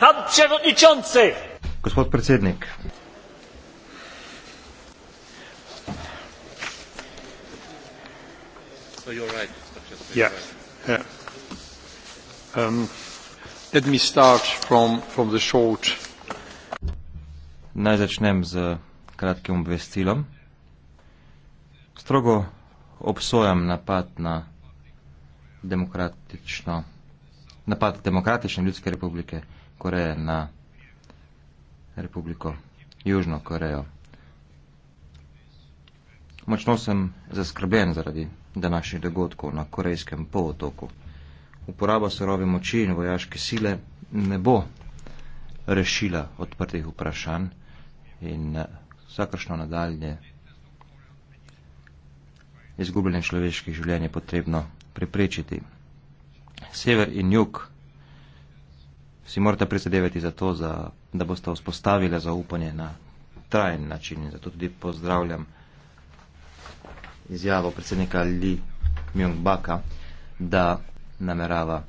Pan przewodniczący! Gospod predsednik. So you're right, Mr. Yeah. Yeah. Um, let me start from, from the short. Naj začnem z kratkim obvestilom. Strogo obsojam napad na demokratično napad Demokratične ljudske republike Koreje na republiko Južno Korejo. Močno sem zaskrbljen zaradi današnjih dogodkov na korejskem polotoku. Uporaba sorove moči in vojaške sile ne bo rešila odprtih vprašanj in vsakršno nadalje izgubljenje človeških življenj je potrebno preprečiti sever in jug, si morate prizadevati za to, za, da boste vzpostavili zaupanje na trajen način. In zato tudi pozdravljam izjavo predsednika Li Myung-baka, da namerava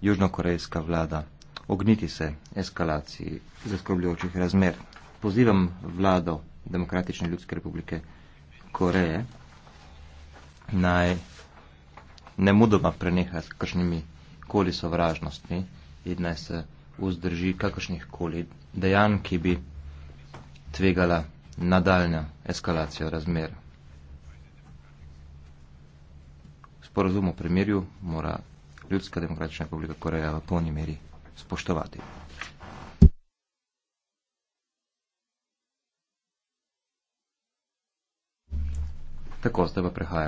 južnokorejska vlada ogniti se eskalaciji zaskrbljujočih razmer. Pozivam vlado Demokratične ljudske republike Koreje naj ne mudoma preneha s kršnimi koli sovražnosti in naj se vzdrži kakršnih koli dejanj, ki bi tvegala nadaljna eskalacija razmer. Sporazum o premirju mora Ljudska demokratična republika Koreja v polni meri spoštovati. Tako zdaj pa prehajamo.